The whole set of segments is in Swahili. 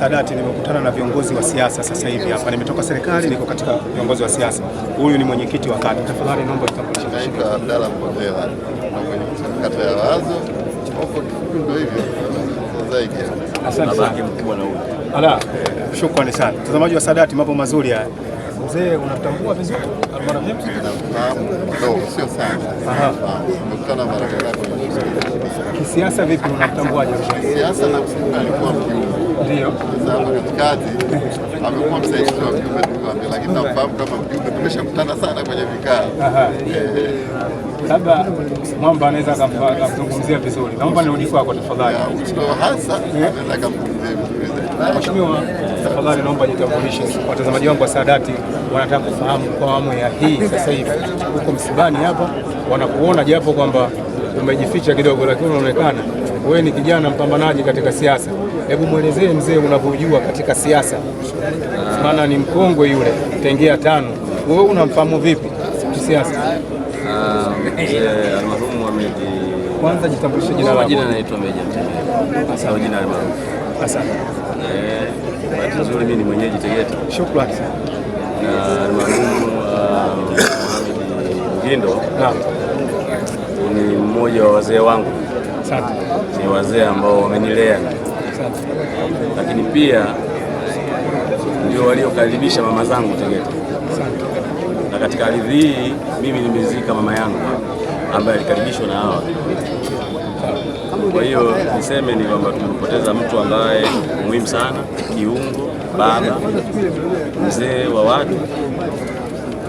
Sadati nimekutana na viongozi wa siasa sasa hivi hapa. Nimetoka serikali niko katika viongozi wa siasa. Huyu ni mwenyekiti wa kata. Tafadhali naomba utambulishe. Abdalla na Mwenyekiti wa kata ya Wazo. Hapo kifupi ndio hivyo. Zaidi. Asante sana. Ala, Shukrani sana. Mtazamaji wa Sadati, mambo mazuri haya. Mzee, unatambua vizuri? Sio sana. Tumekutana mara kadhaa. Kisiasa vipi, unamtambuaje? Kisiasa na alikuwa mjumbe. Ndio. Sasa katikati amekuwa msaidizi wa mjumbe, lakini namfahamu kama mjumbe. Tumeshakutana sana kwenye vikao labda mwamba anaweza akamzungumzia vizuri. Naomba nirudi kwako tafadhali. Eh? Mheshimiwa, tafadhali naomba jitambulishe. Watazamaji wangu wa Saadati wanataka kufahamu kwa awamu ya hii sasa hivi huko msibani hapa, wanakuona japo kwamba umejificha kidogo, lakini unaonekana wewe ni kijana mpambanaji katika siasa. Hebu mwelezee mzee unavyojua katika siasa, maana ni mkongwe yule, tengia tano. Wewe unamfahamu vipi kisiasa? mzee eh, almarhumu ameji. Kwanza jitambulishe jina lako. Jina naitwa Meja Mtembele. Sawa, jina almarhumu. Asante. Eh, bahati nzuri mimi ni mwenyeji Tegeta. Shukrani sana. Na almarhumu Mgindo ni mmoja wa wazee wangu, ni wazee ambao wamenilea, lakini pia ndio waliokaribisha mama zangu Tegeta katika ardhi hii mimi nimezika mama yangu ambaye alikaribishwa na hawa. Kwa hiyo niseme ni kwamba tumepoteza mtu ambaye muhimu sana, kiungo, baba, mzee wa watu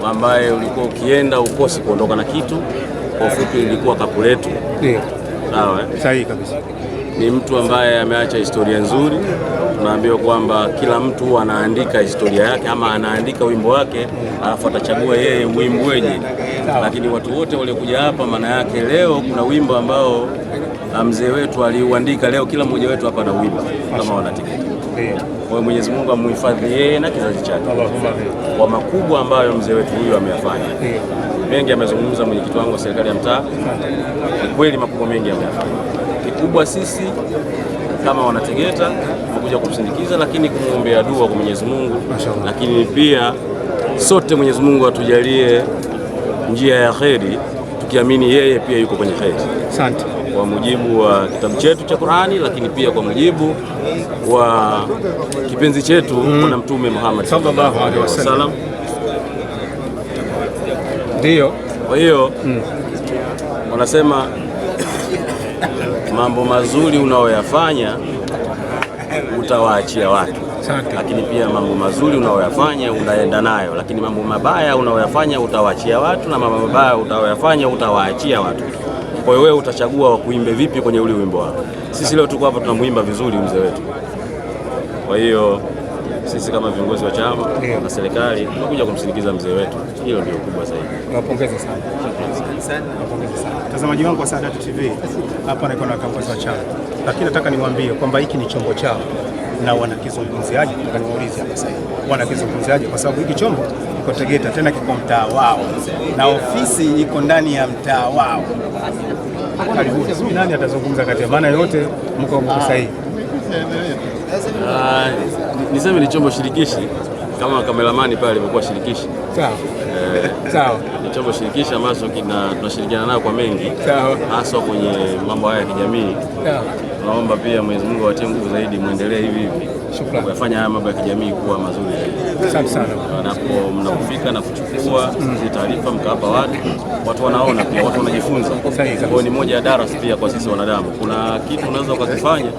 ambaye ulikuwa ukienda ukosi kuondoka na kitu. Kwa ufupi ilikuwa kapu letu. Sawa, eh? sahihi kabisa ni mtu ambaye ameacha historia nzuri. Tunaambiwa kwamba kila mtu anaandika historia yake ama anaandika wimbo wake, alafu atachagua yeye wenye, Lakini watu wote waliokuja hapa, maana yake leo kuna wimbo ambao ah, mzee wetu aliuandika, leo kila mmoja wetu hapa na wimbo kama wanatiketi Kwa hiyo Mwenyezi Mungu amhifadhi yeye na kizazi chake kwa makubwa ambayo mzee wetu huyu ameyafanya. Mengi amezungumza mwenyekiti wangu wa serikali ya mtaa, ni kweli makubwa mengi ameyafanya kubwa sisi kama Wanategeta tumekuja kumsindikiza, lakini kumwombea dua kwa Mwenyezi Mungu, lakini pia sote Mwenyezi Mungu atujalie njia ya kheri, tukiamini yeye pia yuko kwenye kheri. Asante. Kwa mujibu wa kitabu chetu cha Qur'ani, lakini pia kwa mujibu wa kipenzi chetu mm. na Mtume Muhammad sallallahu alaihi wasallam. Ndio. Kwa hiyo mm. wanasema mambo mazuri unaoyafanya utawaachia watu, lakini pia mambo mazuri unaoyafanya unaenda nayo, lakini mambo mabaya unaoyafanya utawaachia watu, na mambo mabaya utaoyafanya utawaachia watu. Kwa hiyo wewe utachagua kuimbe vipi kwenye ule wimbo wako. Sisi leo tuko hapa tunamwimba vizuri mzee wetu, kwa hiyo sisi kama viongozi wa chama na serikali tunakuja kumsindikiza mzee wetu. Hilo ndio kubwa zaidi. Nawapongeza sana. Napongeza sana. Mtazamaji wangu wa Saadatu TV, hapa naikuwa na kiongozi wa chama, lakini nataka niwaambie kwamba hiki ni chombo chao na wanakizungumziaje? Nataka niwaulize hapa sasa, wanakizungumziaje? Kwa sababu hiki chombo kiko Tegeta, tena kiko mtaa wao na ofisi iko ndani ya mtaa wao. nani atazungumza kati ya maana yote mko mko sahihi Uh, niseme ni chombo shirikishi kama kameramani pale imekuwa shirikishi. Sawa. Eh, sawa. Ni chombo shirikishi ambacho tunashirikiana nayo kwa mengi haswa kwenye mambo haya ya kijamii. Tunaomba pia Mwenyezi Mungu awatie nguvu zaidi, muendelee hivi hivi kuyafanya haya mambo ya kijamii kuwa mazuri zaidi. Asante sana. Wanapo mnapofika na kuchukua hizi mm. taarifa mkawapa watu, watu wanaona pia, watu wanajifunza. Kwa hiyo ni moja ya darasa pia kwa sisi wanadamu, kuna kitu unaweza ukakifanya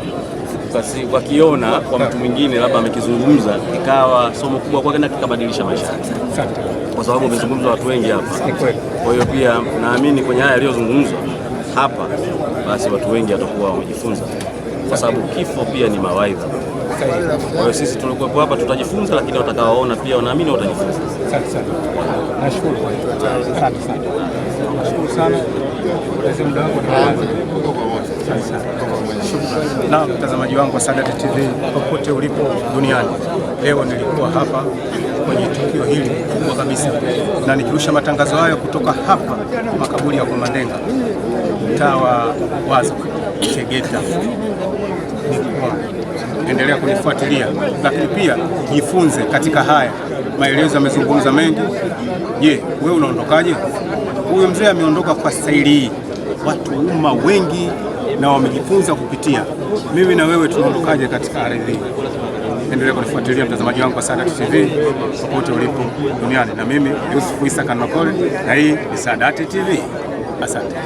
wakiona kwa mtu mwingine labda amekizungumza ikawa somo kubwa kwake na kikabadilisha maisha yake, kwa sababu umezungumza watu wengi hapa. Kwa hiyo pia naamini kwenye haya yaliyozungumzwa hapa, basi watu wengi watakuwa wamejifunza, kwa sababu kifo pia ni mawaidha. Kwa hiyo sisi tulikuwepo hapa tutajifunza, lakini watakaoona pia wanaamini watajifunza. Nashukuru sana na mtazamaji wangu wa Sadat TV popote ulipo duniani, leo nilikuwa hapa kwenye tukio hili kubwa kabisa, na nikirusha matangazo hayo kutoka hapa makaburi ya Komandenga, mtaa wa Wazo, Tegeta. Endelea kunifuatilia, lakini pia jifunze katika haya maelezo. Yamezungumza mengi. Je, wewe unaondokaje? Huyu mzee ameondoka kwa staili hii, watu umma wengi na wamejifunza kupitia. Mimi na wewe tunaondokaje katika ardhi? Endelea kufuatilia mtazamaji wangu wa Saadati TV popote ulipo duniani, na mimi yusuf Isa Kanokole, na hii ni Saadati TV. Asante.